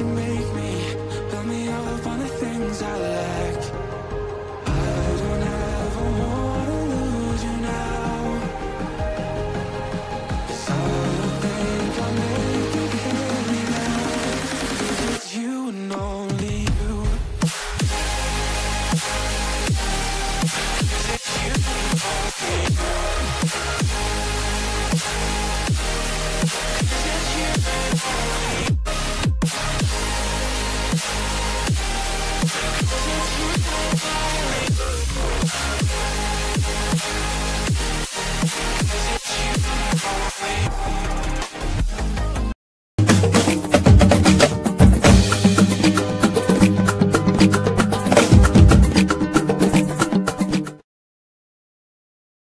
you made